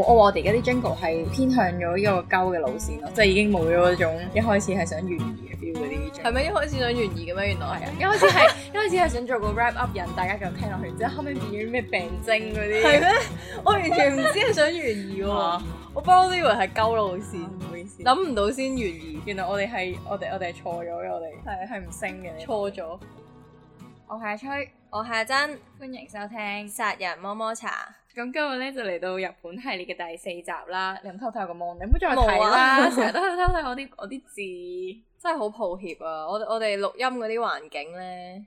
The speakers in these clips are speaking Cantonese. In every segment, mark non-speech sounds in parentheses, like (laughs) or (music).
哦、我哋而家啲 Jingle 係偏向咗一個鳩嘅路線咯，即、就、係、是、已經冇咗嗰種一開始係想懸疑嘅 feel 嗰啲。係咪一開始想懸疑嘅咩？ (laughs) 原來係啊！一開始係一開始係想做個 Wrap Up 人，大家繼續聽落去，之後後屘變咗咩病徵嗰啲？係咩嗎？ (laughs) 我完全唔知想懸疑喎！ (laughs) 我不嬲都以為係鳩路線，唔好意思。諗唔 (laughs) 到先懸疑，原來我哋係我哋我哋係錯咗，我哋係係唔升嘅錯咗。我係阿崔，我係阿真，了歡迎收聽《殺人摸摸茶》。咁今日咧就嚟到日本系列嘅第四集啦，你唔偷偷個蒙，你唔好再睇啦，成日、啊、都去偷睇我啲 (laughs) 字，真係好抱歉啊！我我哋錄音嗰啲環境呢。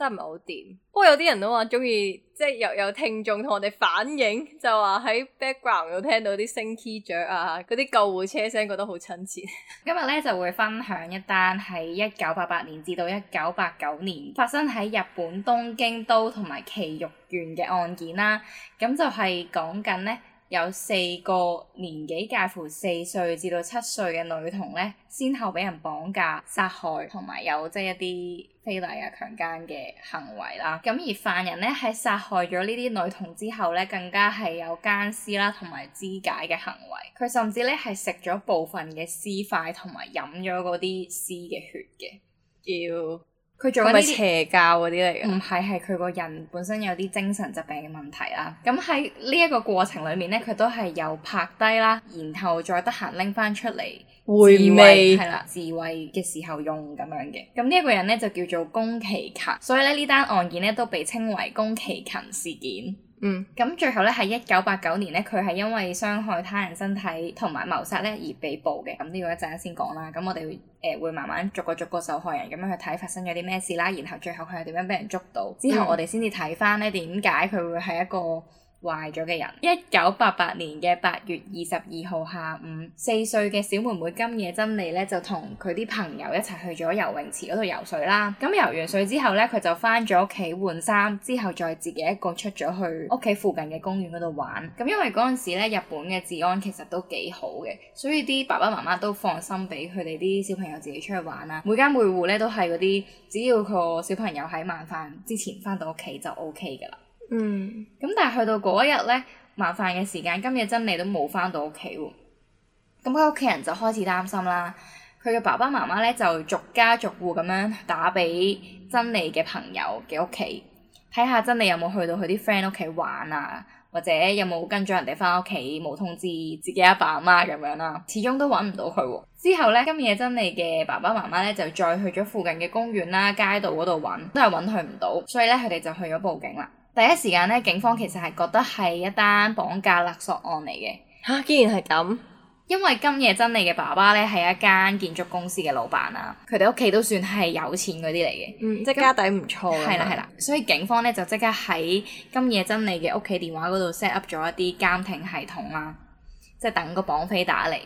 真係唔係好掂，不過有啲人都話中意，即係又有聽眾同我哋反映，就話喺 background 度聽到啲升 key 雀啊，嗰啲救護車聲，覺得好親切。今日咧就會分享一單喺一九八八年至到一九八九年發生喺日本東京都同埋埼玉縣嘅案件啦，咁就係講緊咧。有四個年紀介乎四歲至到七歲嘅女童咧，先後俾人綁架、殺害，同埋有即係一啲非禮啊、強姦嘅行為啦。咁而犯人咧喺殺害咗呢啲女童之後咧，更加係有奸屍啦，同埋肢解嘅行為。佢甚至咧係食咗部分嘅屍塊，同埋飲咗嗰啲屍嘅血嘅。叫佢做係邪教嗰啲嚟嘅？唔係，係佢個人本身有啲精神疾病嘅問題啦。咁喺呢一個過程裏面咧，佢都係有拍低啦，然後再得閒拎翻出嚟回味，係啦，自慰嘅時候用咁樣嘅。咁呢一個人咧就叫做宮崎勤，所以咧呢單案件咧都被稱為宮崎勤事件。嗯，咁最後咧係一九八九年咧，佢係因為傷害他人身體同埋謀殺咧而被捕嘅。咁呢個一陣間先講啦。咁我哋誒會、呃、會慢慢逐個逐個受害人咁樣去睇發生咗啲咩事啦。然後最後佢係點樣畀人捉到？嗯、之後我哋先至睇返咧點解佢會係一個壞咗嘅人，一九八八年嘅八月二十二號下午，四歲嘅小妹妹今野真理呢，就同佢啲朋友一齊去咗游泳池嗰度游水啦。咁游完水之後呢，佢就翻咗屋企換衫，之後再自己一個出咗去屋企附近嘅公園嗰度玩。咁因為嗰陣時呢，日本嘅治安其實都幾好嘅，所以啲爸爸媽媽都放心俾佢哋啲小朋友自己出去玩啦。每家每戶呢，都係嗰啲，只要個小朋友喺晚飯之前翻到屋企就 OK 噶啦。嗯，咁但係去到嗰一日咧，晚飯嘅時間，今野真理都冇翻到屋企喎，咁佢屋企人就開始擔心啦。佢嘅爸爸媽媽咧就逐家逐戶咁樣打俾真理嘅朋友嘅屋企，睇下真理有冇去到佢啲 friend 屋企玩啊，或者有冇跟咗人哋翻屋企冇通知自己阿爸阿媽咁樣啦。始終都揾唔到佢、啊。之後咧，今野真理嘅爸爸媽媽咧就再去咗附近嘅公園啦、啊、街道嗰度揾，都係揾佢唔到，所以咧佢哋就去咗報警啦。第一時間咧，警方其實係覺得係一單綁架勒索案嚟嘅。吓、啊，竟然係咁！因為今夜真理嘅爸爸咧係一間建築公司嘅老闆啦、啊，佢哋屋企都算係有錢嗰啲嚟嘅，即家底唔錯。係啦係啦，啦，所以警方咧就即刻喺今夜真理嘅屋企電話嗰度 set up 咗一啲監聽系統啦、啊，即係等個綁匪打嚟。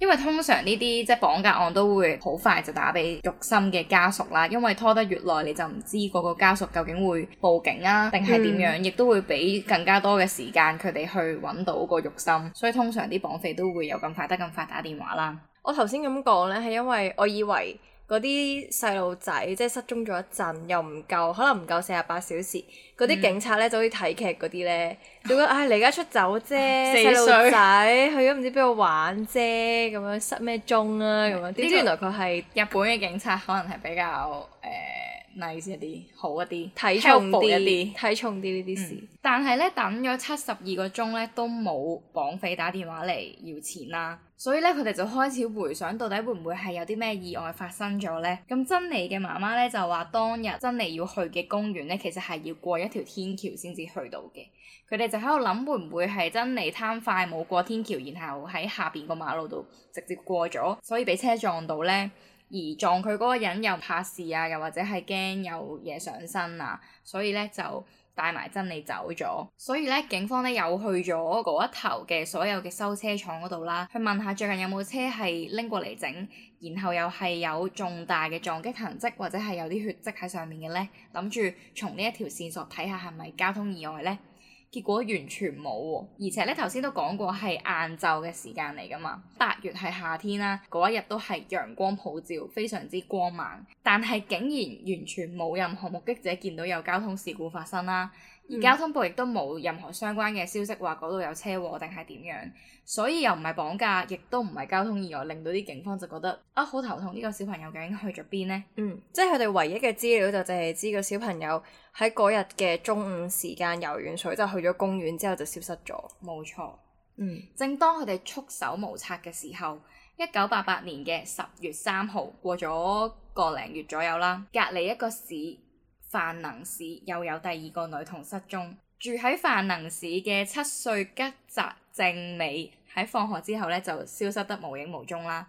因為通常呢啲即係綁架案都會好快就打俾肉參嘅家屬啦，因為拖得越耐你就唔知嗰個家屬究竟會報警啊定係點樣，亦、嗯、都會俾更加多嘅時間佢哋去揾到個肉參，所以通常啲綁匪都會有咁快得咁快打電話啦。我頭先咁講呢，係因為我以為。嗰啲細路仔即係失蹤咗一陣，又唔夠，可能唔夠四十八小時。嗰啲警察咧、嗯、就好似睇劇嗰啲咧，就覺得唉，離家出走啫，細路仔去咗唔知邊度玩啫，咁樣失咩蹤啊咁樣。點知、啊嗯、原來佢係日本嘅警察，可能係比較誒。呃 nice 一啲，好一啲，睇重啲，睇重些些、嗯、但呢啲事。但係咧等咗七十二個鐘咧，都冇綁匪打電話嚟要錢啦、啊。所以咧，佢哋就開始回想到底會唔會係有啲咩意外發生咗呢？咁珍妮嘅媽媽咧就話當日珍妮要去嘅公園咧，其實係要過一條天橋先至去到嘅。佢哋就喺度諗會唔會係珍妮貪快冇過天橋，然後喺下邊個馬路度直接過咗，所以俾車撞到呢。而撞佢嗰個人又怕事啊，又或者係驚有嘢上身啊，所以咧就帶埋真理走咗。所以咧，警方咧又去咗嗰一頭嘅所有嘅修車廠嗰度啦，去問下最近有冇車係拎過嚟整，然後又係有重大嘅撞擊痕跡，或者係有啲血跡喺上面嘅咧，諗住從呢一條線索睇下係咪交通意外咧。結果完全冇喎，而且呢頭先都講過係晏晝嘅時間嚟㗎嘛，八月係夏天啦、啊，嗰一日都係陽光普照，非常之光猛，但係竟然完全冇任何目擊者見到有交通事故發生啦、啊。而交通部亦都冇任何相關嘅消息，話嗰度有車禍定係點樣，所以又唔係綁架，亦都唔係交通意外，令到啲警方就覺得啊，好頭痛，呢個小朋友究竟去咗邊呢？嗯，即係佢哋唯一嘅資料就淨係知個小朋友喺嗰日嘅中午時間遊完水就去咗公園之後就消失咗，冇錯。嗯，正當佢哋束手無策嘅時候，一九八八年嘅十月三號過咗個零月左右啦，隔離一個市。范能市，又有第二個女童失蹤，住喺飯能市嘅七歲吉澤正美喺放學之後咧就消失得無影無蹤啦，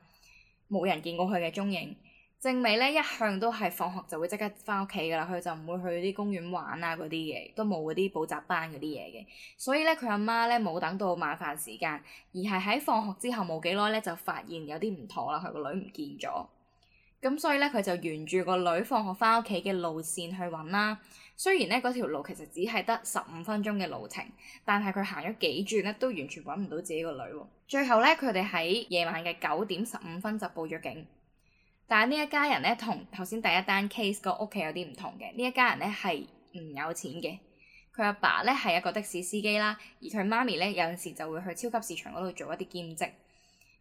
冇人見過佢嘅蹤影。正美咧一向都係放學就會即刻翻屋企噶啦，佢就唔會去啲公園玩啊嗰啲嘢，都冇嗰啲補習班嗰啲嘢嘅，所以咧佢阿媽咧冇等到晚飯時間，而係喺放學之後冇幾耐咧就發現有啲唔妥啦，佢個女唔見咗。咁所以咧，佢就沿住個女放學翻屋企嘅路線去揾啦。雖然咧，嗰條路其實只係得十五分鐘嘅路程，但係佢行咗幾轉咧，都完全揾唔到自己個女。最後咧，佢哋喺夜晚嘅九點十五分就報咗警。但係呢一家人咧，同頭先第一單 case 個屋企有啲唔同嘅。呢一家人咧，係唔有錢嘅，佢阿爸咧係一個的士司機啦，而佢媽咪咧有陣時就會去超級市場嗰度做一啲兼職。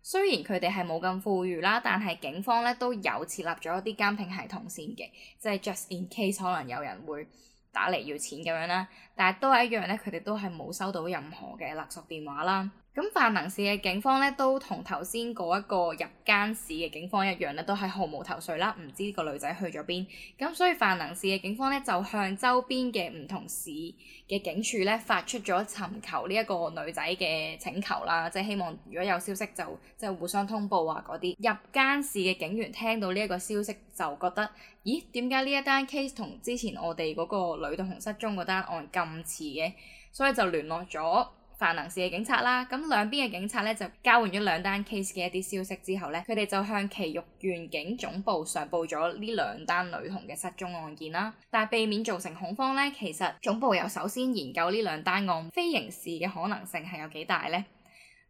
雖然佢哋係冇咁富裕啦，但係警方咧都有設立咗一啲監聽系統先嘅，即係 just in case 可能有人會打嚟要錢咁樣啦，但係都係一樣咧，佢哋都係冇收到任何嘅勒索電話啦。咁范能市嘅警方咧，都同頭先嗰一個入間市嘅警方一樣咧，都係毫無頭緒啦，唔知個女仔去咗邊。咁所以范能市嘅警方咧，就向周邊嘅唔同市嘅警署咧，發出咗尋求呢一個女仔嘅請求啦，即係希望如果有消息就即係互相通報啊嗰啲。入間市嘅警員聽到呢一個消息就覺得，咦？點解呢一單 case 同之前我哋嗰個女童失蹤嗰單案咁似嘅？所以就聯絡咗。凡能事嘅警察啦，咁兩邊嘅警察咧就交換咗兩單 case 嘅一啲消息之後咧，佢哋就向埼玉縣警總部上報咗呢兩單女童嘅失蹤案件啦。但係避免造成恐慌咧，其實總部又首先研究呢兩單案非刑事嘅可能性係有幾大呢？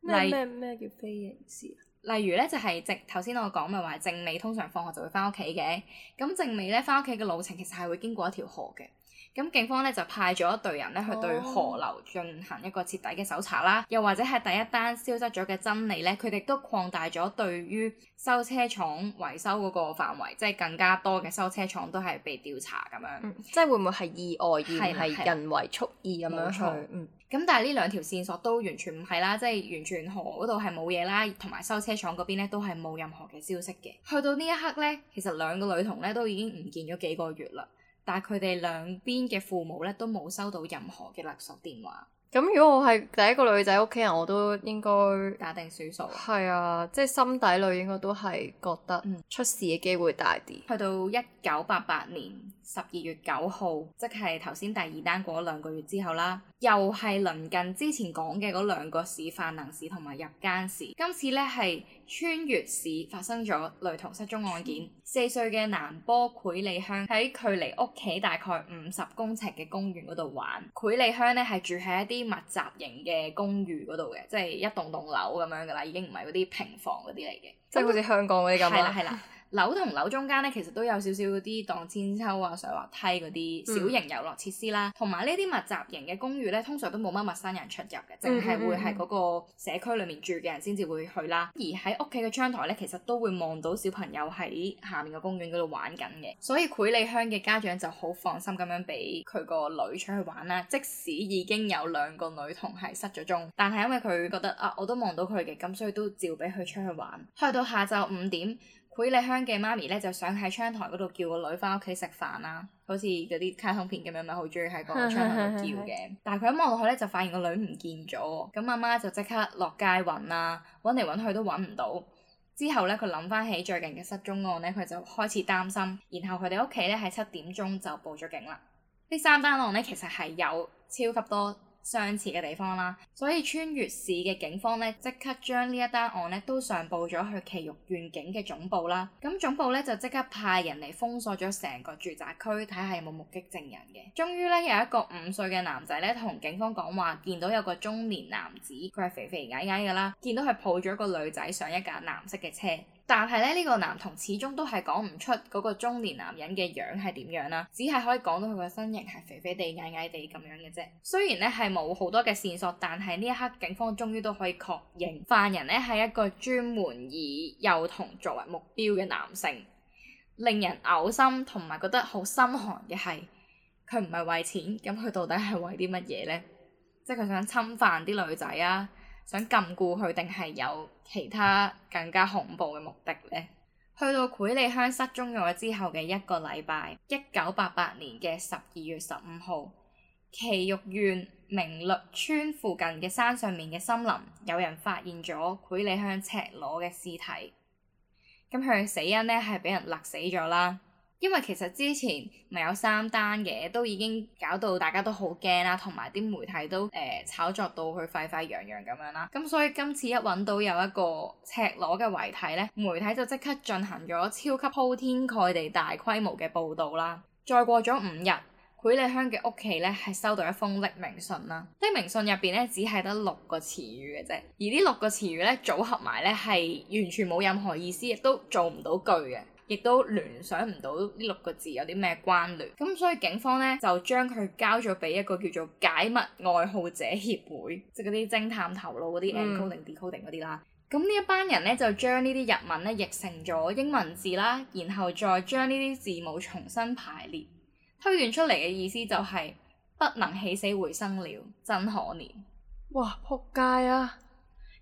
例咩叫非刑事？例如咧就係、是、直頭先我講咪話，正美通常放學就會翻屋企嘅，咁正美咧翻屋企嘅路程其實係會經過一條河嘅。咁警方咧就派咗一隊人咧去對河流進行一個徹底嘅搜查啦，oh. 又或者係第一單消失咗嘅真理，咧，佢哋都擴大咗對於修車廠維修嗰個範圍，即係更加多嘅修車廠都係被調查咁樣，嗯、即係會唔會係意外而係係人為蓄意咁樣去？嗯，咁但係呢兩條線索都完全唔係啦，即係完全河嗰度係冇嘢啦，同埋修車廠嗰邊咧都係冇任何嘅消息嘅。去到呢一刻咧，其實兩個女童咧都已經唔見咗幾個月啦。但係佢哋兩邊嘅父母咧都冇收到任何嘅勒索電話。咁如果我係第一個女仔屋企人，我都應該打定輸數。係啊，即係心底裏應該都係覺得出事嘅機會大啲。嗯、去到一九八八年十二月九號，即係頭先第二單過兩個月之後啦。又係鄰近之前講嘅嗰兩個市，飯能市同埋入間市，今次呢係川越市發生咗雷同失蹤案件。嗯、四歲嘅南波繪里香喺距離屋企大概五十公尺嘅公園嗰度玩。繪里香呢係住喺一啲密集型嘅公寓嗰度嘅，即係一棟棟樓咁樣噶啦，已經唔係嗰啲平房嗰啲嚟嘅，嗯、即係好似香港嗰啲咁啦。 (laughs) 樓同樓中間咧，其實都有少少嗰啲盪鞦韆啊、瀡滑梯嗰啲小型遊樂設施啦。同埋呢啲密集型嘅公寓咧，通常都冇乜陌生人出入嘅，淨係、嗯嗯嗯、會係嗰個社區裏面住嘅人先至會去啦。而喺屋企嘅窗台咧，其實都會望到小朋友喺下面個公園嗰度玩緊嘅。所以繪梨香嘅家長就好放心咁樣俾佢個女出去玩啦。即使已經有兩個女童係失咗蹤，但係因為佢覺得啊，我都望到佢嘅咁，所以都照俾佢出去玩。去到下晝五點。繪梨香嘅媽咪咧，就想喺窗台嗰度叫個女翻屋企食飯啦，啊，好似嗰啲卡通片咁樣，咪好中意喺個窗台度叫嘅。 (laughs) 但係佢一望落去咧，就發現個女唔見咗。咁阿媽，媽就即刻落街揾啦，啊，揾嚟揾去都揾唔到。之後咧，佢諗翻起最近嘅失蹤案咧，佢就開始擔心。然後佢哋屋企咧喺七點鐘就報咗警啦。三呢三單案咧，其實係有超級多相似嘅地方啦，所以川越市嘅警方咧，即刻將呢一單案咧都上報咗去埼玉縣警嘅總部啦。咁總部咧，就即刻派人嚟封鎖咗成個住宅區，睇下有冇目擊證人嘅。終於咧，有一個五歲嘅男仔咧同警方講話，見到有個中年男子，佢係肥肥矮矮㗎啦，見到佢抱咗個女仔上一架藍色嘅車。但係咧，呢個男童始終都係講唔出嗰個中年男人嘅樣係點樣啦，只係可以講到佢個身形係肥肥地，矮矮地咁樣嘅啫。雖然呢係冇好多嘅線索，但係呢一刻警方終於都可以確認犯人呢係一個專門以幼童作為目標嘅男性。令人嘔心同埋覺得好心寒嘅係，佢唔係為錢，咁佢到底係為啲乜嘢呢？即係佢想侵犯啲女仔啊！想禁錮佢，定係有其他更加恐怖嘅目的咧？去到繪梨香失蹤咗之後嘅一個禮拜，一九八八年嘅十二月十五號，埼玉縣名栗村附近嘅山上面嘅森林，有人發現咗繪梨香赤裸嘅屍體。咁佢嘅死因咧，係俾人勒死咗啦。因為其實之前咪有三單嘅，都已經搞到大家都好驚啦，同埋啲媒體都誒、呃、炒作到去沸沸揚揚咁樣啦。咁、嗯、所以今次一揾到有一個赤裸嘅遺體呢，媒體就即刻進行咗超級鋪天蓋地大規模嘅報導啦。再過咗五日，許麗香嘅屋企呢係收到一封匿名信啦。匿名信入邊呢，只係得六個詞語嘅啫，而呢六個詞語呢，組合埋呢係完全冇任何意思，亦都做唔到句嘅。亦都聯想唔到呢六個字有啲咩關聯，咁所以警方咧就將佢交咗俾一個叫做解密愛好者協會，即係嗰啲偵探頭腦嗰啲 encoding decoding 嗰啲啦。咁、嗯、呢一班人咧就將呢啲日文咧譯成咗英文字啦，然後再將呢啲字母重新排列，推斷出嚟嘅意思就係、是、不能起死回生了，真可憐！哇！仆街啊！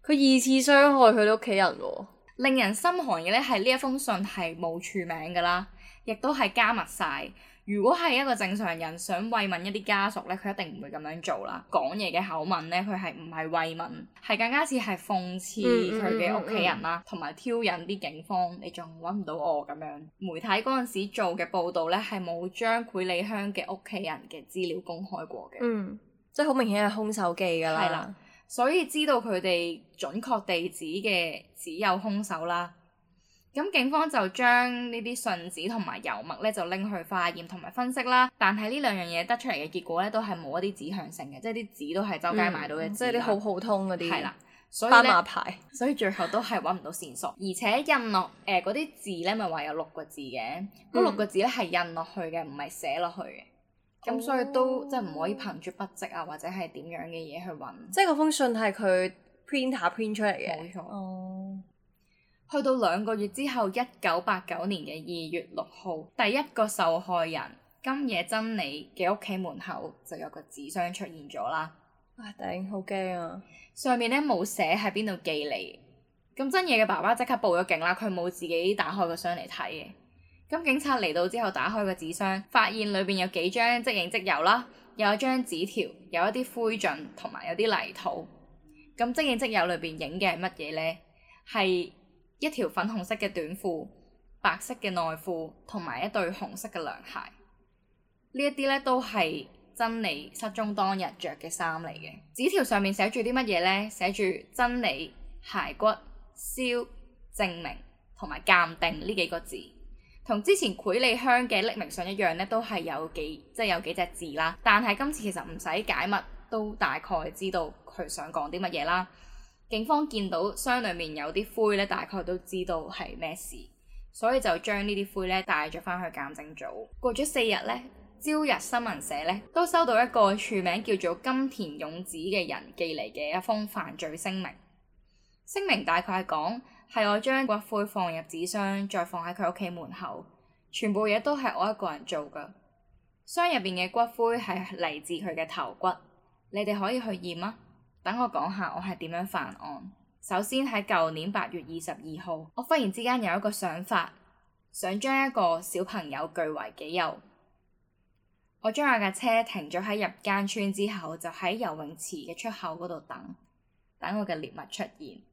佢二次傷害佢哋屋企人喎。令人心寒嘅咧係呢一封信係冇署名噶啦，亦都係加密晒。如果係一個正常人想慰問一啲家屬咧，佢一定唔會咁樣做啦。講嘢嘅口吻咧，佢係唔係慰問，係更加似係諷刺佢嘅屋企人啦，同埋、嗯嗯嗯、挑釁啲警方，嗯嗯，你仲揾唔到我咁樣。媒體嗰陣時做嘅報導咧，係冇將繪梨香嘅屋企人嘅資料公開過嘅、嗯，即係好明顯係兇手記噶啦。所以知道佢哋準確地址嘅只有兇手啦。咁警方就將呢啲信紙同埋油墨咧就拎去化驗同埋分析啦。但係呢兩樣嘢得出嚟嘅結果咧都係冇一啲指向性嘅，即係啲紙都係周街買到嘅、嗯，即係啲好普通嗰啲。係啦，所以咧，牌所以最後都係揾唔到線索。 (laughs) 而且印落誒嗰啲字咧，咪話有六個字嘅，嗰、嗯、六個字咧係印落去嘅，唔係寫落去嘅。咁所以都、oh. 即係唔可以憑住筆跡啊，或者係點樣嘅嘢去揾。即係嗰封信係佢 print 下 print 出嚟嘅。冇錯。哦。Oh. 去到兩個月之後，一九八九年嘅二月六號，第一個受害人今野真理嘅屋企門口就有個紙箱出現咗啦。哇！頂，好驚啊！上面咧冇寫喺邊度寄嚟。咁真理嘅爸爸即刻報咗警啦，佢冇自己打開個箱嚟睇嘅。咁警察嚟到之後，打開個紙箱，發現裏邊有幾張即影即有啦，有一張紙條，有一啲灰燼同埋有啲泥土。咁即影即有裏邊影嘅係乜嘢呢？係一條粉紅色嘅短褲、白色嘅內褲同埋一對紅色嘅涼鞋。呢一啲呢都係真理失蹤當日着嘅衫嚟嘅。紙條上面寫住啲乜嘢呢？寫住真理鞋骨燒證明同埋鑑定呢幾個字。同之前繪利香嘅匿名信一樣咧，都係有幾即係、就是、有幾隻字啦。但係今次其實唔使解密都大概知道佢想講啲乜嘢啦。警方見到箱裡面有啲灰咧，大概都知道係咩事，所以就將呢啲灰咧帶咗翻去鑑證組。過咗四日咧，朝日新聞社咧都收到一個署名叫做金田勇子嘅人寄嚟嘅一封犯罪聲明。聲明大概係講。係我將骨灰放入紙箱，再放喺佢屋企門口，全部嘢都係我一個人做㗎。箱入邊嘅骨灰係嚟自佢嘅頭骨，你哋可以去驗啊。等我講下我係點樣犯案。首先喺舊年八月二十二號，我忽然之間有一個想法，想將一個小朋友據為己有。我將我架車停咗喺入間村之後，就喺游泳池嘅出口嗰度等，等我嘅獵物出現。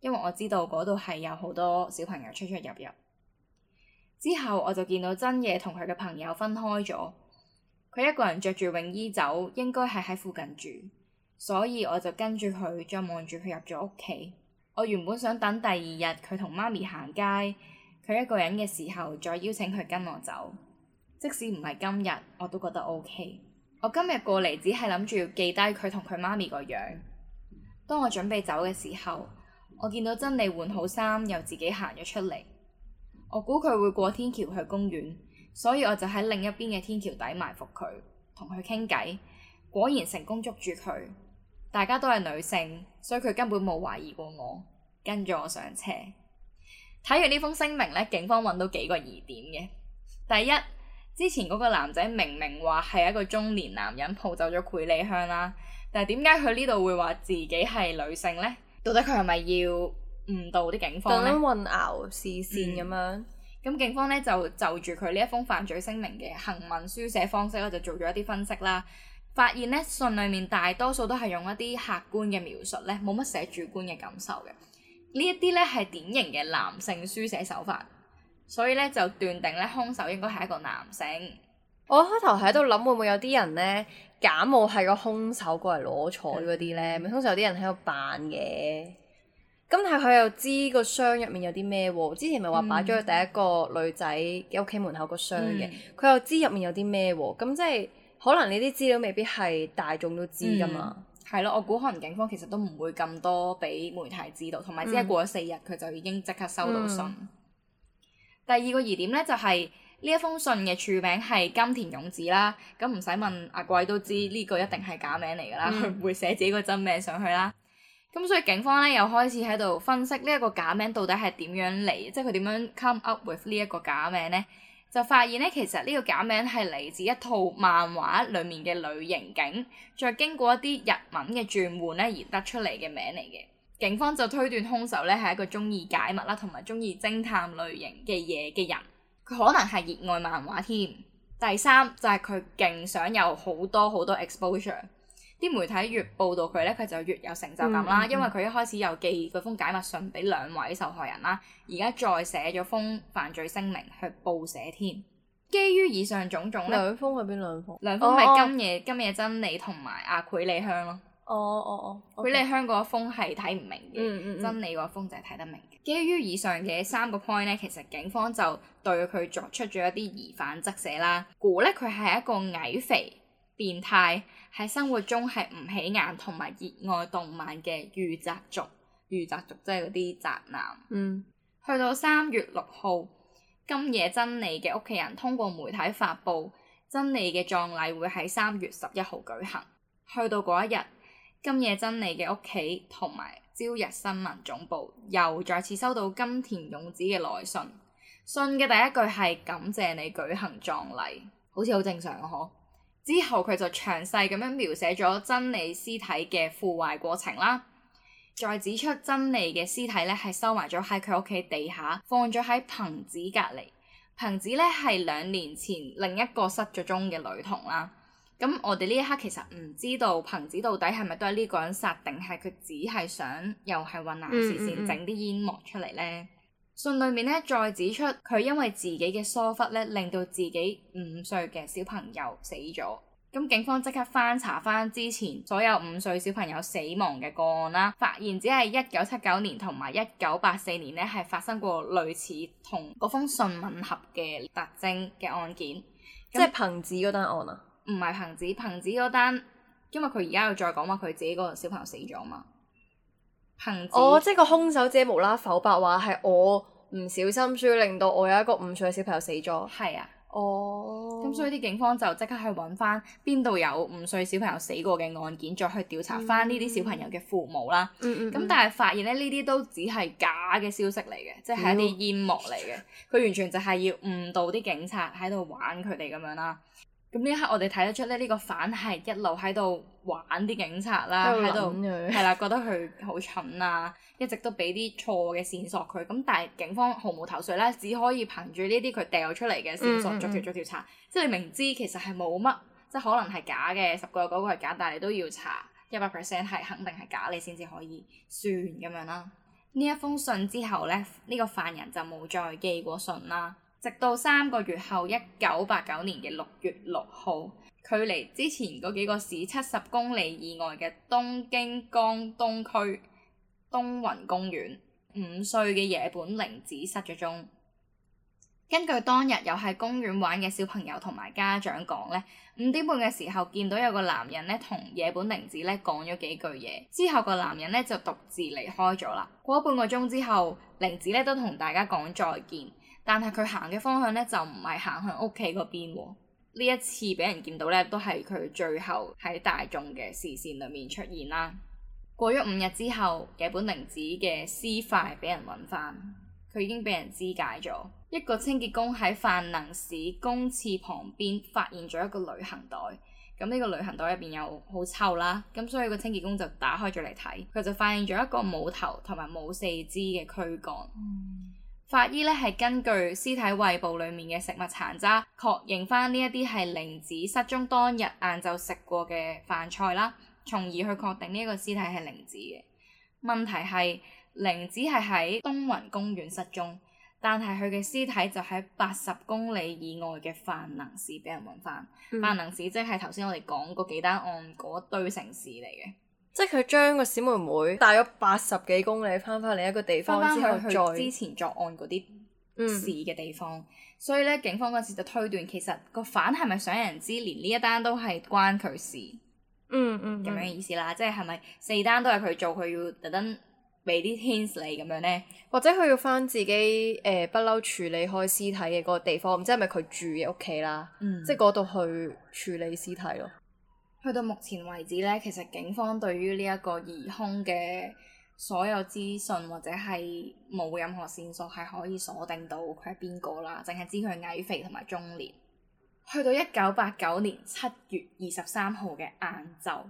因為我知道嗰度係有好多小朋友出出入入之後，我就見到真嘢同佢嘅朋友分開咗，佢一個人着住泳衣走，應該係喺附近住，所以我就跟住佢，再望住佢入咗屋企。我原本想等第二日佢同媽咪行街，佢一個人嘅時候再邀請佢跟我走，即使唔係今日，我都覺得 OK。我今日過嚟只係諗住要記低佢同佢媽咪個樣。當我準備走嘅時候，我見到珍妮換好衫，又自己行咗出嚟。我估佢會過天橋去公園，所以我就喺另一邊嘅天橋底埋伏佢，同佢傾偈。果然成功捉住佢。大家都係女性，所以佢根本冇懷疑過我，跟住我上車。睇完呢封聲明呢，警方揾到幾個疑點嘅。第一，之前嗰個男仔明明話係一個中年男人抱走咗繪里香啦，但係點解佢呢度會話自己係女性呢？到底佢係咪要誤導啲警方咧？混淆視線咁樣，咁警方咧就就住佢呢一封犯罪聲明嘅行文書寫方式咧，我就做咗一啲分析啦。發現咧信裏面大多數都係用一啲客觀嘅描述咧，冇乜寫主觀嘅感受嘅。呢一啲咧係典型嘅男性書寫手法，所以咧就斷定咧兇手應該係一個男性。我開頭喺度諗會唔會有啲人咧？假冒係個兇手過嚟攞彩嗰啲咧，咪、嗯、通常有啲人喺度扮嘅。咁但係佢又知個箱入面有啲咩喎？之前咪話擺咗喺第一個女仔屋企門口個箱嘅，佢、嗯、又知入面有啲咩喎？咁即係可能呢啲資料未必係大眾都知噶嘛。係咯、嗯，我估可能警方其實都唔會咁多俾媒體知道，同埋只係過咗四日，佢、嗯、就已經即刻收到信。嗯、第二個疑點咧就係、係。呢一封信嘅署名係金田勇子啦，咁唔使問阿、啊、貴都知呢個一定係假名嚟噶啦，佢唔、嗯、會寫自己個真名上去啦。咁所以警方咧又開始喺度分析呢一個假名到底係點樣嚟，即係佢點樣 come up with 呢一個假名呢。就發現呢，其實呢個假名係嚟自一套漫畫裡面嘅女刑警，再經過一啲日文嘅轉換咧而得出嚟嘅名嚟嘅。警方就推斷兇手咧係一個中意解密啦，同埋中意偵探類型嘅嘢嘅人。佢可能係熱愛漫畫添。第三就係佢勁想有好多好多 exposure，啲媒體越報導佢咧，佢就越有成就感啦。嗯嗯、因為佢一開始又寄兩封解密信俾兩位受害人啦，而家再寫咗封犯罪聲明去報寫添。基於以上種種，兩封係邊兩封？兩封係《今夜、哦、今夜真理》同埋《阿繪里香》咯。哦哦哦！佢哋、oh, oh, okay. 香港嘅風係睇唔明嘅，mm, mm, mm. 真理個風就係睇得明嘅。基於以上嘅三個 point 呢，其實警方就對佢作出咗一啲疑犯側寫啦，估呢，佢係一個矮肥變態，喺生活中係唔起眼同埋熱愛動漫嘅御宅族。御宅族即係嗰啲宅男。嗯。Mm. 去到三月六號，今野，真理嘅屋企人通過媒體發布真理嘅葬禮會喺三月十一號舉行。去到嗰一日。今夜真理嘅屋企同埋朝日新聞總部又再次收到金田勇子嘅來信，信嘅第一句係感謝你舉行葬禮，好似好正常嗬。之後佢就詳細咁樣描寫咗真理屍體嘅腐壞過程啦，再指出真理嘅屍體咧係收埋咗喺佢屋企地下，放咗喺棚子隔籬，棚子咧係兩年前另一個失咗蹤嘅女童啦。咁我哋呢一刻其實唔知道彭子到底係咪都係呢個人殺，定係佢只係想又係混淆視線整啲煙幕出嚟呢。嗯嗯嗯，信裏面咧再指出佢因為自己嘅疏忽咧，令到自己五歲嘅小朋友死咗。咁警方即刻翻查翻之前所有五歲小朋友死亡嘅個案啦，發現只係一九七九年同埋一九八四年咧係發生過類似同嗰封信吻合嘅特徵嘅案件，即係彭子嗰單案啊。唔係彭子，彭子嗰單，因為佢而家要再講話佢自己個小朋友死咗嘛。彭子哦，oh, 即係個凶手姐無啦啦否白話係我唔小心，所以令到我有一個五歲嘅小朋友死咗。係啊，哦，咁所以啲警方就即刻去搵翻邊度有五歲小朋友死過嘅案件，再去調查翻呢啲小朋友嘅父母啦。咁、mm hmm. 但係發現咧，呢啲都只係假嘅消息嚟嘅，即係一啲煙幕嚟嘅。佢完全就係要誤導啲警察喺度玩佢哋咁樣啦。咁呢刻我哋睇得出咧，呢、這個犯係一路喺度玩啲警察啦，喺度係啦，覺得佢好蠢啊，一直都俾啲錯嘅線索佢。咁但係警方毫無頭緒咧，只可以憑住呢啲佢掉出嚟嘅線索嗯嗯逐條逐條查。即係明知其實係冇乜，即係可能係假嘅，十個九個係假，但係你都要查一百 percent 係肯定係假，你先至可以算咁樣啦。呢一封信之後咧，呢、這個犯人就冇再寄過信啦。直到三個月後，一九八九年嘅六月六號，距離之前嗰幾個市七十公里以外嘅東京江東區東雲公園，五歲嘅野本玲子失咗蹤。根據當日又喺公園玩嘅小朋友同埋家長講呢，五點半嘅時候見到有個男人呢同野本玲子呢講咗幾句嘢，之後個男人呢就獨自離開咗啦。過半個鐘之後，玲子呢都同大家講再見。但係佢行嘅方向咧，就唔係行向屋企嗰邊喎、啊。呢一次俾人見到咧，都係佢最後喺大眾嘅視線裏面出現啦。過咗五日之後，野本玲子嘅屍塊俾人揾翻，佢已經俾人肢解咗。一個清潔工喺飯能市公廁旁邊發現咗一個旅行袋，咁呢個旅行袋入邊有好臭啦，咁所以個清潔工就打開咗嚟睇，佢就發現咗一個冇頭同埋冇四肢嘅軀幹。嗯法醫咧，係根據屍體胃部裡面嘅食物殘渣，確認翻呢一啲係玲子失蹤當日晏晝食過嘅飯菜啦，從而去確定呢一個屍體係玲子嘅。問題係玲子係喺東雲公園失蹤，但係佢嘅屍體就喺八十公里以外嘅飯能市俾人揾翻。飯、嗯、能市即係頭先我哋講嗰幾單案嗰堆城市嚟嘅。即係佢將個小妹妹帶咗八十幾公里翻返嚟一個地方到之後去再，再之前作案嗰啲事嘅地方。嗯、所以咧，警方嗰時就推斷，其實個犯係咪想人知，連呢一單都係關佢事。嗯嗯，嗯。咁樣，意思啦，即係係咪四單都係佢做，佢要特登俾啲 hints 你咁樣咧？或者佢要翻自己誒不嬲處理開屍體嘅嗰個地方，唔知係咪佢住嘅屋企啦？嗯、即係嗰度去處理屍體咯。去到目前為止咧，其實警方對於呢一個疑兇嘅所有資訊或者係冇任何線索係可以鎖定到佢係邊個啦，淨係知佢係矮肥同埋中年。去到一九八九年七月二十三號嘅晏晝，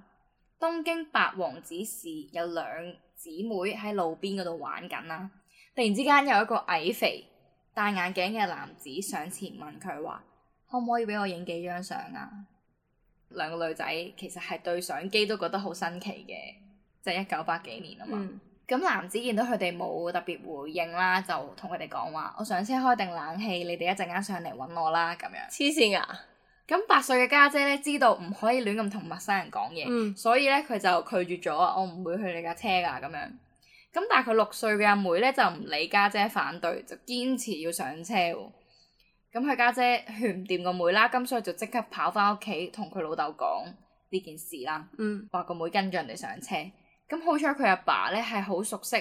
東京八王子市有兩姊妹喺路邊嗰度玩緊啦。突然之間有一個矮肥戴眼鏡嘅男子上前問佢話：可唔可以俾我影幾張相啊？兩個女仔其實係對相機都覺得好新奇嘅，就係一九八幾年啊嘛。咁、嗯、男子見到佢哋冇特別回應啦，就同佢哋講話：我上車開定冷氣，你哋一陣間上嚟搵我啦。咁樣黐線噶！咁八歲嘅家姐咧知道唔可以亂咁同陌生人講嘢，嗯、所以咧佢就拒絕咗，我唔會去你架車噶咁樣。咁但係佢六歲嘅阿妹咧就唔理家姐反對，就堅持要上車。咁佢家姐勸唔掂個妹啦，咁所以就即刻跑翻屋企同佢老豆講呢件事啦。嗯，話個妹跟住人哋上車，咁好彩佢阿爸咧係好熟悉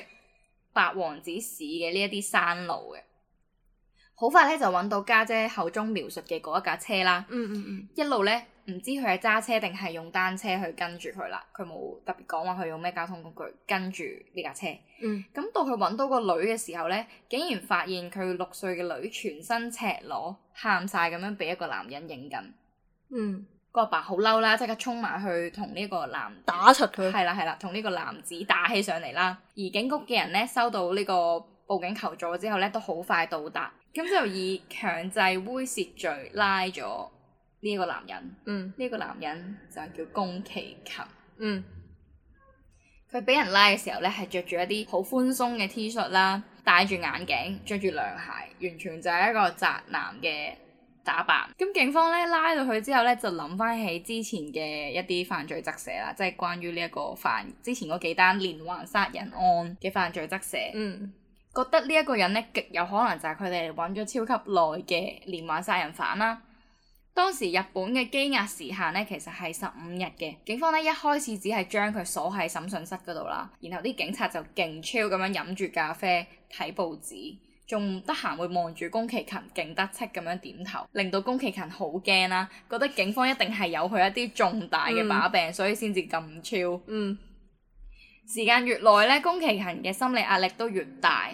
八王子市嘅呢一啲山路嘅，好快咧就揾到家姐口中描述嘅嗰一架車啦。嗯嗯嗯，一路咧。唔知佢係揸車定係用單車去跟住佢啦，佢冇特別講話佢用咩交通工具跟住呢架車。嗯，咁到佢揾到個女嘅時候呢，竟然發現佢六歲嘅女全身赤裸，喊晒，咁樣俾一個男人影緊。嗯，個阿爸好嬲啦，即刻衝埋去同呢個男打出佢。係啦係啦，同呢個男子打起上嚟啦。而警局嘅人呢，收到呢個報警求助之後呢，都好快到達，咁就以強制猥褻罪拉咗呢一個男人，呢、嗯、個男人就係叫宮崎勤。嗯，佢俾人拉嘅時候呢，係着住一啲好寬鬆嘅 T 恤啦，戴住眼鏡，着住涼鞋，完全就係一個宅男嘅打扮。咁、嗯、警方呢，拉到佢之後呢，就諗翻起之前嘅一啲犯罪側寫啦，即係關於呢一個犯之前嗰幾單連環殺人案嘅犯罪側寫。嗯，覺得呢一個人呢，極有可能就係佢哋揾咗超級耐嘅連環殺人犯啦。當時日本嘅拘押時限呢，其實係十五日嘅。警方呢，一開始只係將佢鎖喺審訊室嗰度啦，然後啲警察就勁超咁樣飲住咖啡睇報紙，仲得閒會望住宮崎勤勁得戚咁樣點頭，令到宮崎勤好驚啦，覺得警方一定係有佢一啲重大嘅把柄，嗯、所以先至咁超。嗯。時間越耐呢，宮崎勤嘅心理壓力都越大。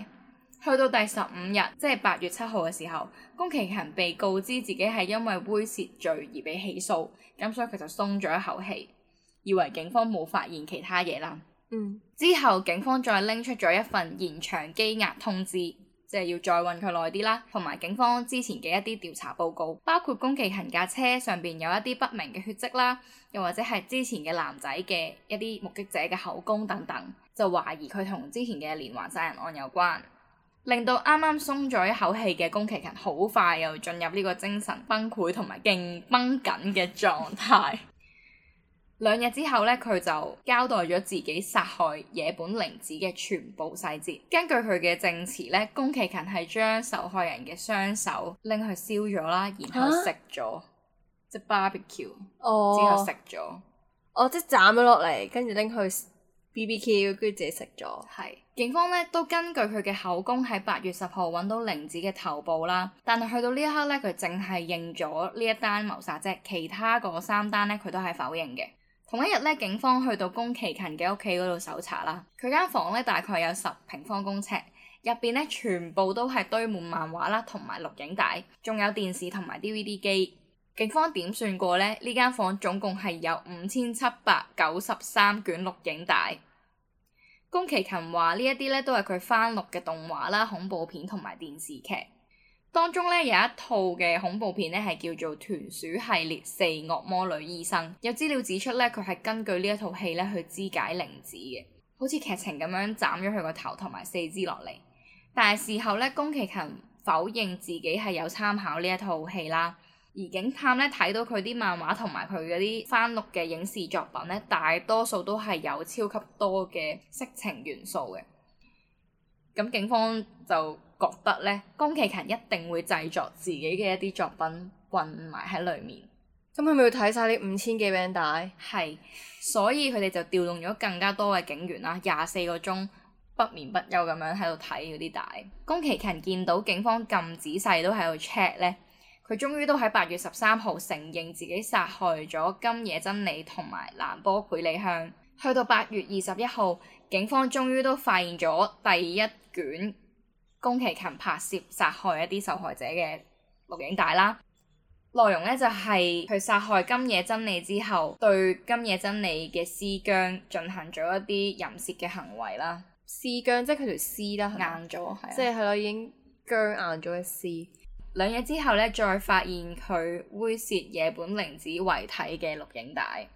去到第十五日，即係八月七號嘅時候，宮崎勤被告知自己係因為猥褻罪而被起訴，咁所以佢就鬆咗一口氣，以為警方冇發現其他嘢啦。嗯，之後警方再拎出咗一份延長羈押通知，即係要再揾佢耐啲啦，同埋警方之前嘅一啲調查報告，包括宮崎勤架車上邊有一啲不明嘅血跡啦，又或者係之前嘅男仔嘅一啲目擊者嘅口供等等，就懷疑佢同之前嘅連環殺人案有關。令到啱啱鬆咗一口氣嘅宮崎勤好快又進入呢個精神崩潰同埋勁繃緊嘅狀態。兩日之後咧，佢就交代咗自己殺害野本玲子嘅全部細節。根據佢嘅證詞咧，宮崎勤係將受害人嘅雙手拎去燒咗啦，然後食咗，啊、即係 barbecue，oh、之後食咗，哦、oh, oh，即係斬咗落嚟，跟住拎去 bbq，跟住自己食咗，係。警方咧都根據佢嘅口供喺八月十號揾到玲子嘅頭部啦，但係去到呢一刻咧，佢淨係認咗呢一單謀殺啫，其他嗰三單咧佢都係否認嘅。同一日咧，警方去到宮崎勤嘅屋企嗰度搜查啦，佢間房咧大概有十平方公尺，入邊咧全部都係堆滿漫畫啦，同埋錄影帶，仲有電視同埋 DVD 機。警方點算過呢？呢間房總共係有五千七百九十三卷錄影帶。宮崎勤話呢一啲咧都係佢翻錄嘅動畫啦、恐怖片同埋電視劇。當中咧有一套嘅恐怖片咧係叫做《豚鼠系列四：惡魔女醫生》。有資料指出咧，佢係根據呢一套戲咧去肢解玲子嘅，好似劇情咁樣斬咗佢個頭同埋四肢落嚟。但係事後咧，宮崎勤否認自己係有參考呢一套戲啦。而警探咧睇到佢啲漫畫同埋佢嗰啲翻錄嘅影視作品咧，大多數都係有超級多嘅色情元素嘅。咁警方就覺得咧，宮崎勤一定會製作自己嘅一啲作品混埋喺裡面。咁佢咪要睇晒呢五千幾餅帶？係、嗯，所以佢哋就調動咗更加多嘅警員啦，廿四個鐘不眠不休咁樣喺度睇嗰啲帶。宮崎勤見到警方咁仔細都喺度 check 咧。佢終於都喺八月十三號承認自己殺害咗金野真理同埋藍波貝利香。去到八月二十一號，警方終於都發現咗第一卷宮崎勤拍攝殺害一啲受害者嘅錄影帶啦。內容呢就係佢殺害金野真理之後，對金野真理嘅屍僵進行咗一啲淫褻嘅行為啦。屍僵即係佢條屍啦，硬咗係即係佢已經僵硬咗嘅屍。兩日之後咧，再發現佢猥褻野本玲子遺體嘅錄影帶。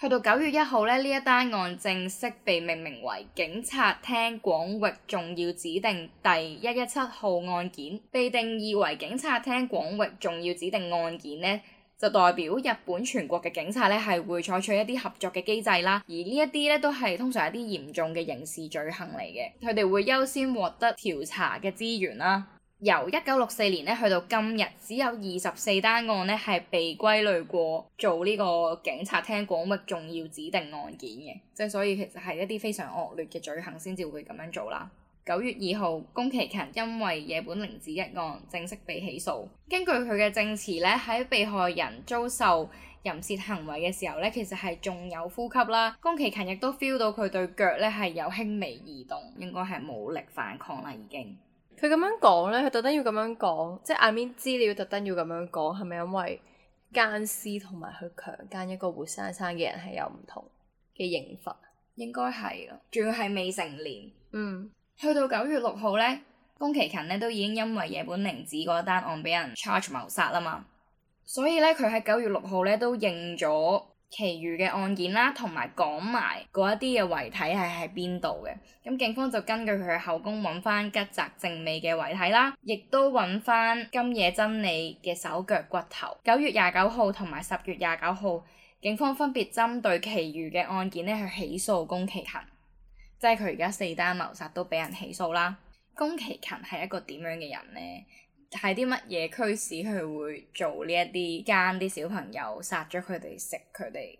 去到九月一號咧，呢一單案正式被命名為警察廳廣域重要指定第一一七號案件。被定義為警察廳廣域重要指定案件呢，就代表日本全國嘅警察咧係會採取一啲合作嘅機制啦。而呢一啲咧都係通常一啲嚴重嘅刑事罪行嚟嘅，佢哋會優先獲得調查嘅資源啦。由一九六四年咧去到今日，只有二十四單案咧係被歸類過做呢個警察廳廣域重要指定案件嘅，即係所以其實係一啲非常惡劣嘅罪行先至會咁樣做啦。九月二號，宮崎勤因為野本玲子一案正式被起訴。根據佢嘅證詞咧，喺被害人遭受淫褻行為嘅時候咧，其實係仲有呼吸啦。宮崎勤亦都 feel 到佢對腳咧係有輕微移動，應該係冇力反抗啦已經。佢咁樣講咧，佢特登要咁樣講，即係 I mean 資料特登要咁樣講，係咪因為奸屍同埋佢強奸一個活生生嘅人係有唔同嘅刑罰？應該係啊，仲要係未成年。嗯，去到九月六號咧，宮崎勤咧都已經因為野本玲子嗰單案俾人 charge 謀殺啦嘛，所以咧佢喺九月六號咧都認咗。其餘嘅案件啦，同埋講埋嗰一啲嘅遺體係喺邊度嘅，咁警方就根據佢嘅口供揾翻吉澤正美嘅遺體啦，亦都揾翻今野真理嘅手腳骨頭。九月廿九號同埋十月廿九號，警方分別針對其餘嘅案件呢去起訴宮崎勤，即係佢而家四單謀殺都俾人起訴啦。宮崎勤係一個點樣嘅人呢？係啲乜嘢驅使佢會做呢一啲奸啲小朋友，殺咗佢哋食佢哋，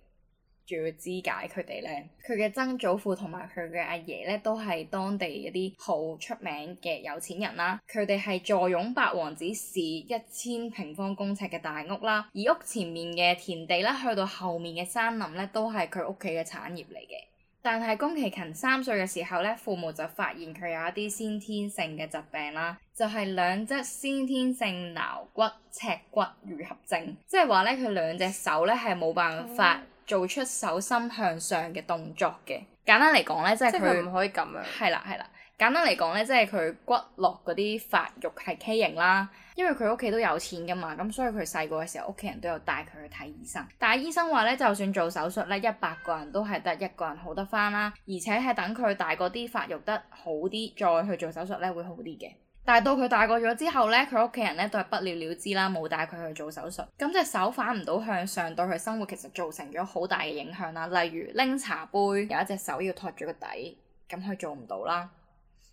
仲要肢解佢哋呢？佢嘅曾祖父同埋佢嘅阿爺呢，都係當地一啲好出名嘅有錢人啦。佢哋係坐擁八王子市一千平方公尺嘅大屋啦，而屋前面嘅田地咧，去到後面嘅山林呢，都係佢屋企嘅產業嚟嘅。但係宮崎勤三歲嘅時候咧，父母就發現佢有一啲先天性嘅疾病啦，就係兩側先天性橈骨尺骨愈合症，即係話咧，佢兩隻手咧係冇辦法做出手心向上嘅動作嘅。嗯、簡單嚟講咧，就是、即係佢唔可以咁樣。係啦，係啦。簡單嚟講咧，即係佢骨骼嗰啲發育係畸形啦。因為佢屋企都有錢噶嘛，咁所以佢細個嘅時候，屋企人都有帶佢去睇醫生。但係醫生話咧，就算做手術咧，一百個人都係得一個人好得翻啦。而且係等佢大個啲發育得好啲，再去做手術咧會好啲嘅。但係到佢大個咗之後咧，佢屋企人咧都係不了了之啦，冇帶佢去做手術。咁隻手反唔到向上，對佢生活其實造成咗好大嘅影響啦。例如拎茶杯，有一隻手要托住個底，咁佢做唔到啦。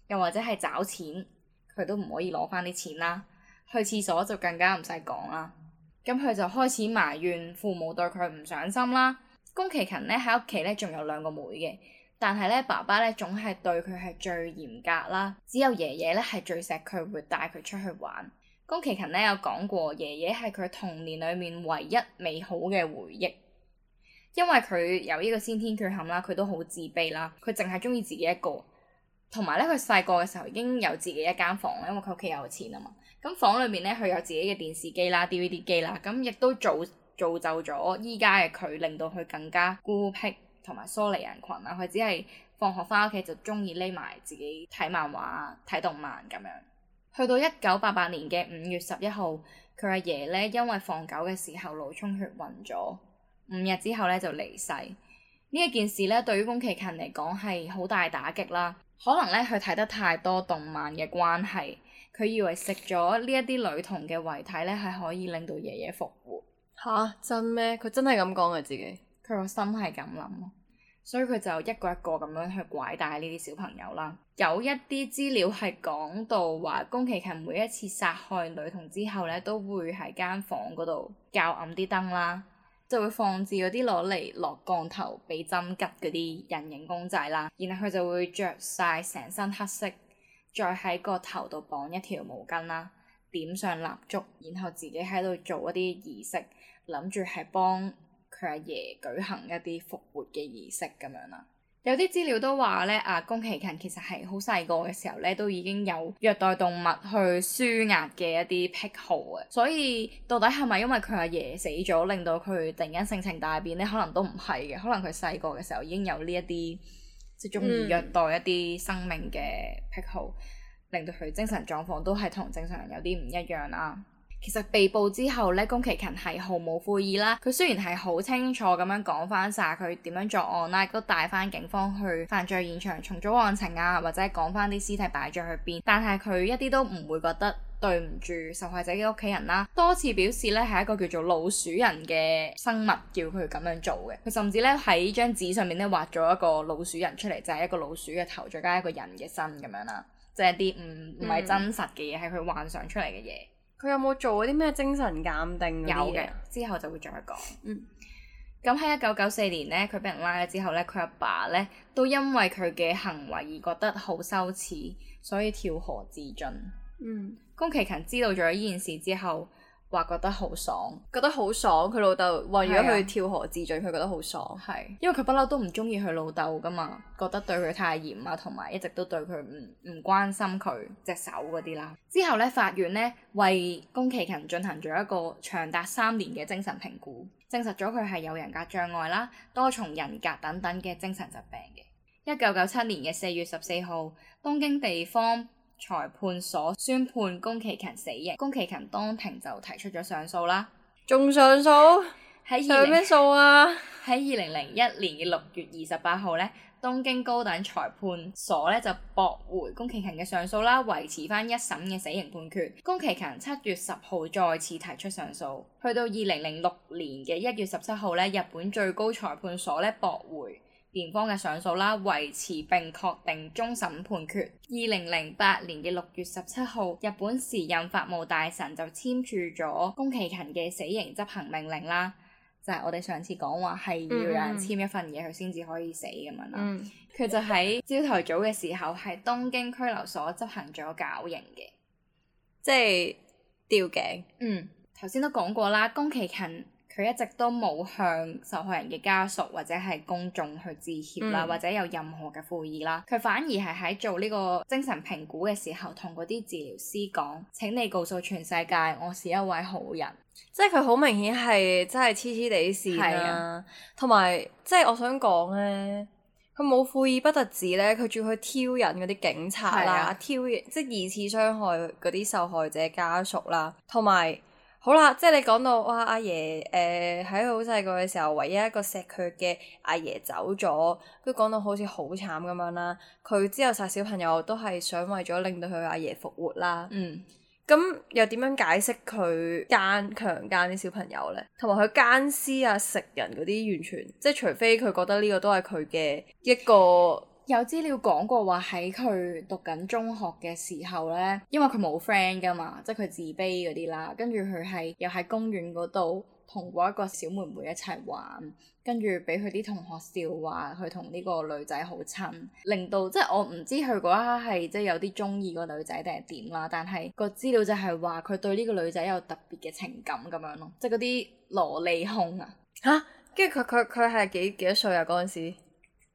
又或者係找錢，佢都唔可以攞翻啲錢啦。去廁所就更加唔使講啦。咁佢就開始埋怨父母對佢唔上心啦。宮崎勤咧，喺屋企咧仲有兩個妹嘅，但係咧，爸爸咧總係對佢係最嚴格啦。只有爺爺咧係最錫佢，會帶佢出去玩。宮崎勤咧有講過，爺爺係佢童年裏面唯一美好嘅回憶，因為佢有呢個先天缺陷啦，佢都好自卑啦，佢淨係中意自己一個。同埋咧，佢細個嘅時候已經有自己一間房，因為佢屋企有錢啊嘛。咁房裏面咧，佢有自己嘅電視機啦、DVD 機啦。咁亦都造造就咗依家嘅佢，令到佢更加孤僻同埋疏離人群啦。佢只係放學翻屋企就中意匿埋自己睇漫畫、睇動漫咁樣。去到一九八八年嘅五月十一號，佢阿爺咧因為放狗嘅時候腦充血暈咗，五日之後咧就離世。呢一件事咧，對於宮崎勤嚟講係好大打擊啦。可能咧，佢睇得太多動漫嘅關係，佢以為食咗呢一啲女童嘅遺體咧，係可以令到爺爺復活。吓，真咩？佢真係咁講佢自己，佢個心係咁諗，所以佢就一個一個咁樣去拐帶呢啲小朋友啦。有一啲資料係講到話，宮崎勤每一次殺害女童之後咧，都會喺間房嗰度較暗啲燈啦。就會放置嗰啲攞嚟落降頭俾針吉嗰啲人形公仔啦，然後佢就會着晒成身黑色，再喺個頭度綁一條毛巾啦，點上蠟燭，然後自己喺度做一啲儀式，諗住係幫佢阿爺舉行一啲復活嘅儀式咁樣啦。有啲資料都話咧，啊宮崎勤其實係好細個嘅時候咧，都已經有虐待動物去舒壓嘅一啲癖好嘅。所以到底係咪因為佢阿爺，爺死咗，令到佢突然間性情大變咧？可能都唔係嘅，可能佢細個嘅時候已經有呢一啲即係中意虐待一啲生命嘅癖好，嗯、令到佢精神狀況都係同正常人有啲唔一樣啦、啊。其實被捕之後咧，宮崎勤係毫無悔意啦。佢雖然係好清楚咁樣講翻晒佢點樣作案啦，亦都帶翻警方去犯罪現場重組案情啊，或者講翻啲屍體擺咗去邊，但係佢一啲都唔會覺得對唔住受害者嘅屋企人啦。多次表示咧，係一個叫做老鼠人嘅生物叫佢咁樣做嘅。佢甚至咧喺張紙上面咧畫咗一個老鼠人出嚟，就係、是、一個老鼠嘅頭，再加一個人嘅身咁樣啦，即係一啲唔唔係真實嘅嘢，係佢、嗯、幻想出嚟嘅嘢。佢有冇做過啲咩精神鑑定？有嘅，之後就會再講。嗯，咁喺一九九四年咧，佢俾人拉咗之後咧，佢阿爸咧都因為佢嘅行為而覺得好羞恥，所以跳河自盡。嗯，宮崎勤知道咗呢件事之後，話覺得好爽，覺得好爽。佢老豆為咗佢跳河自盡，佢是、啊、覺得好爽。係，是啊、因為佢不嬲都唔中意佢老豆㗎嘛，覺得對佢太嚴啊，同埋一直都對佢唔唔關心佢隻手嗰啲啦。之後咧，法院咧為宮崎勤進行咗一個長達三年嘅精神評估，證實咗佢係有人格障礙啦、多重人格等等嘅精神疾病嘅。一九九七年嘅四月十四號，東京地方裁判所宣判宮崎勤死刑，宮崎勤當庭就提出咗上訴啦，仲上訴？喺上咩訴啊？喺二零零一年嘅六月二十八號呢，東京高等裁判所呢就駁回宮崎勤嘅上訴啦，維持翻一審嘅死刑判決。宮崎勤七月十號再次提出上訴，去到二零零六年嘅一月十七號呢，日本最高裁判所呢駁回辯方嘅上訴啦，維持並確定終審判決。二零零八年嘅六月十七號，日本時任法務大臣就簽署咗宮崎勤嘅死刑執行命令啦，就係、是、我哋上次講話係要有人簽一份嘢佢先至可以死咁樣啦。佢、嗯、就喺朝頭早嘅時候喺東京拘留所執行咗絞刑嘅，即係吊頸。嗯，頭先都講過啦，宮崎勤。佢一直都冇向受害人嘅家屬或者係公眾去致歉啦，嗯、或者有任何嘅悔意啦。佢反而係喺做呢個精神評估嘅時候，同嗰啲治療師講：請你告訴全世界，我是一位好人。即係佢好明顯係真係痴痴地線啊，同埋是、啊，即係我想講咧，佢冇悔意不特止咧，佢仲要去挑釁嗰啲警察啦、啊，是啊、挑即係二次傷害嗰啲受害者家屬啦、啊，同埋。好啦，即係你講到哇，阿爺誒喺好細個嘅時候，唯一一個錫佢嘅阿爺走咗，佢講到好似好慘咁樣啦。佢之後殺小朋友都係想為咗令到佢阿爺復活啦。嗯，咁又點樣解釋佢奸強奸啲小朋友呢？同埋佢奸屍啊，食人嗰啲，完全即係除非佢覺得呢個都係佢嘅一個。有資料講過話喺佢讀緊中學嘅時候呢，因為佢冇 friend 噶嘛，即係佢自卑嗰啲啦。跟住佢係又喺公園嗰度同過一個小妹妹一齊玩，跟住俾佢啲同學笑話佢同呢個女仔好親，令到即係我唔知佢嗰一刻係即係有啲中意個女仔定係點啦。但係個資料就係話佢對呢個女仔有特別嘅情感咁樣咯，即係嗰啲羅莉控啊吓？跟住佢佢佢係幾幾多歲啊嗰陣時？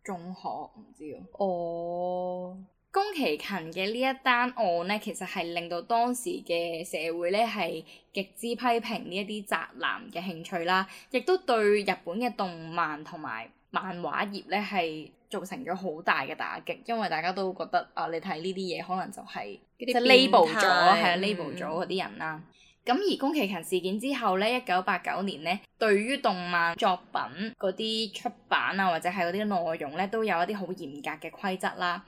中學唔知哦，宮崎、oh, 勤嘅呢一單案呢，其實係令到當時嘅社會呢係極之批評呢一啲宅男嘅興趣啦，亦都對日本嘅動漫同埋漫畫業呢係造成咗好大嘅打擊，因為大家都覺得啊，你睇呢啲嘢可能就係，即係 label 咗，係 label 咗嗰啲人啦。咁而宮崎勤事件之後咧，一九八九年咧，對於動漫作品嗰啲出版啊，或者係嗰啲內容咧，都有一啲好嚴格嘅規則啦，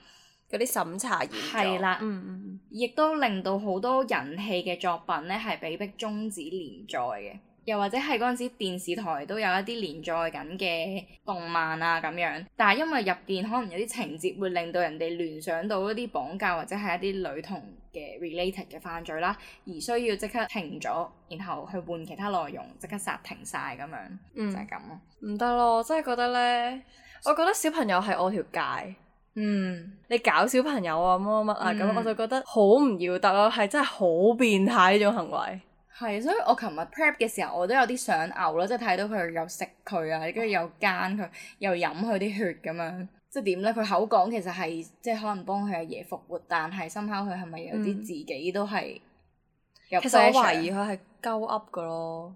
嗰啲審查嚴咗，嗯嗯，亦都令到好多人氣嘅作品咧，係被迫中止連載嘅。又或者係嗰陣時電視台都有一啲連載緊嘅動漫啊咁樣，但係因為入邊可能有啲情節會令到人哋聯想到一啲綁架或者係一啲女童嘅 related 嘅犯罪啦，而需要即刻停咗，然後去換其他內容，即刻剎停晒咁樣，嗯、就係咁咯。唔得咯，真係覺得呢。我覺得小朋友係我條界，嗯，你搞小朋友啊乜乜乜啊咁，嗯、我就覺得好唔要得咯，係真係好變態呢種行為。係，所以我琴日 prep 嘅時候，我都有啲想嘔咯，即係睇到佢又食佢啊，跟住又奸佢，又飲佢啲血咁樣，即係點咧？佢口講其實係即係可能幫佢阿爺復活，但係心口佢係咪有啲自己都係、嗯？其實我懷疑佢係鳩噏噶咯，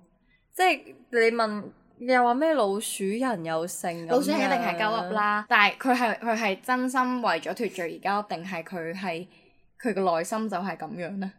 即係你問你又話咩老鼠人有性，老鼠一定係鳩噏啦。但係佢係佢係真心為咗脫罪而鳩，定係佢係佢個內心就係咁樣咧？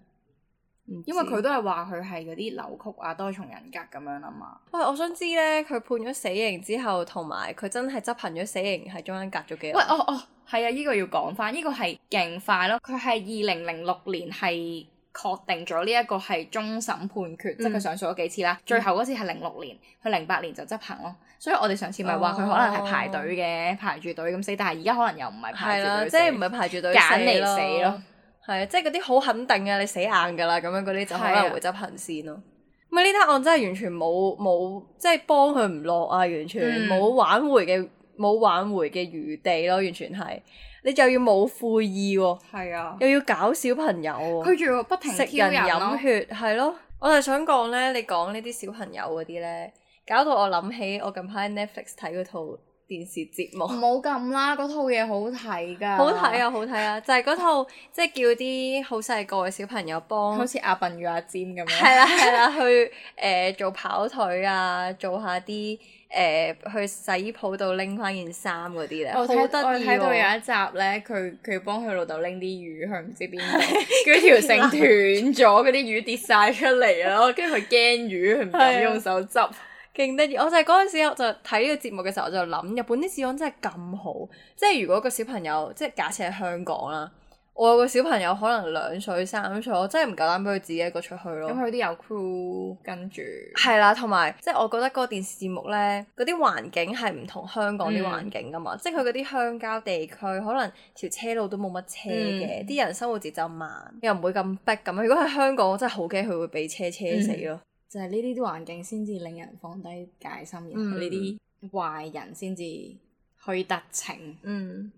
因為佢都係話佢係嗰啲扭曲啊、多重人格咁樣啊嘛。喂，我想知咧，佢判咗死刑之後，同埋佢真係執行咗死刑，係中間隔咗幾耐？喂，哦哦，係啊，呢、這個要講翻，呢、這個係勁快咯。佢係二零零六年係確定咗呢一個係終審判決，嗯、即係佢上訴咗幾次啦，最後嗰次係零六年，佢零八年就執行咯。所以我哋上次咪話佢可能係排隊嘅，哦、排住隊咁死，但係而家可能又唔係排住隊揀你死咯。嗯係啊，即係嗰啲好肯定啊，你死硬噶啦，咁樣嗰啲就可能會執行先咯。咁啊呢單案真係完全冇冇，即係幫佢唔落啊，完全冇挽回嘅冇、嗯、挽回嘅餘地咯，完全係。你就要冇悔意喎，係啊，又要搞小朋友，佢仲要不停人食人飲血，係咯、嗯嗯、咯。我就想講咧，你講呢啲小朋友嗰啲咧，搞到我諗起我近排 Netflix 睇嗰套。電視節目冇咁啦，嗰套嘢好睇噶，好睇啊，好睇啊，就係嗰套即係叫啲好細個嘅小朋友幫，好似阿笨與阿占咁樣，係啦係啦，去誒做跑腿啊，做下啲誒去洗衣鋪度拎翻件衫嗰啲咧，我喺度有一集咧，佢佢幫佢老豆拎啲魚去唔知邊度，跟住條繩斷咗，嗰啲魚跌晒出嚟咯，跟住佢驚魚，唔敢用手執。勁得意！我就係嗰陣時候,就時我就睇呢個節目嘅時候，我就諗日本啲治安真係咁好。即係如果個小朋友，即係假設喺香港啦，我有個小朋友可能兩歲、三歲，我真係唔夠膽俾佢自己一個出去咯。咁佢啲有 crew 跟住。係啦，同 (noise) 埋樂、啊、即係我覺得嗰個電視節目呢，嗰啲環境係唔同香港啲環境噶嘛。嗯、即係佢嗰啲鄉郊地區，可能條車路都冇乜車嘅，啲、嗯、人生活節奏慢，又唔會咁逼咁。如果喺香港，我真係好驚佢會俾車車車死咯。嗯就係呢啲啲環境先至令人放低戒心，然後呢啲壞人先至去得逞。嗯，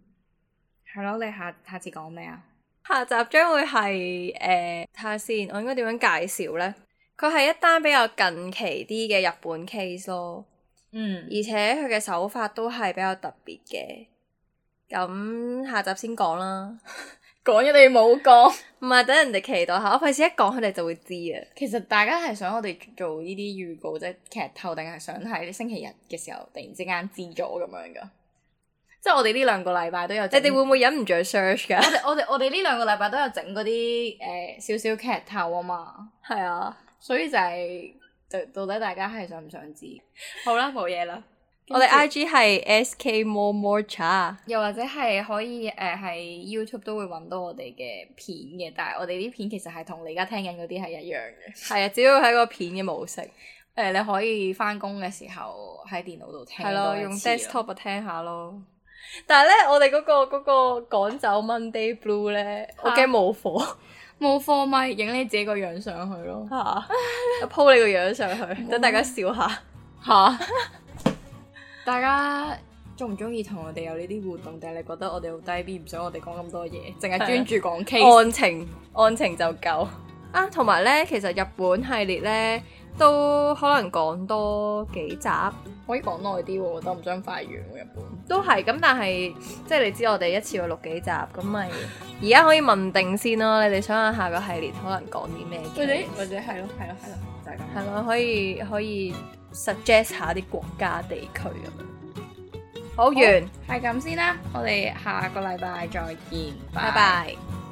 係咯，你下下次講咩啊？下集將會係誒，睇下先，我應該點樣介紹呢？佢係一單比較近期啲嘅日本 case 咯。嗯，而且佢嘅手法都係比較特別嘅。咁下集先講啦。 (laughs) 講咗你冇講，唔係 (laughs) 等人哋期待下，我費事一講佢哋就會知啊。其實大家係想我哋做呢啲預告，即係劇透定係想喺星期日嘅時候突然之間知咗咁樣噶？即係我哋呢兩個禮拜都有，你哋會唔會忍唔住 search 噶？我哋我哋呢兩個禮拜都有整嗰啲誒，少少劇透啊嘛。係 (laughs) 啊，所以就係、是，到到底大家係想唔想知？ (laughs) 好啦，冇嘢啦。我哋 I G 係 S K More More Cha，又或者係可以誒喺、呃、YouTube 都會揾到我哋嘅片嘅，但係我哋啲片其實係同你而家聽緊嗰啲係一樣嘅，係 (laughs) 啊，只要喺個片嘅模式，誒、呃、你可以翻工嘅時候喺電腦度聽， (laughs) 聽，聽，聽咯，用 Desktop 聽下咯。但係咧，我哋嗰、那個嗰、那個趕走 Monday Blue 咧，啊、我驚怕冇貨， (laughs) 貨，冇貨咪影你自己個樣上去咯，吓 po、啊、你個樣上去，等大家笑下，吓。 (laughs) (laughs) 大家中唔中意同我哋有呢啲活動？定係你覺得我哋好低 b，唔想我哋講咁多嘢，淨係專注講 case 案情、案情就夠啊！同埋咧，其實日本系列咧都可能講多幾集，可以講耐啲，我都唔想快完。日本都係咁，但係即係你知我哋一次要錄幾集，咁咪而家可以問定先咯。你哋想下下個系列可能講啲咩 case，或者係咯，係咯，係咯，就係咁，係咯，可以，可以。suggest 下啲國家地區咁樣，好，完係咁先啦。 (noise) 我哋下個禮拜再見，拜拜 bye。Bye bye。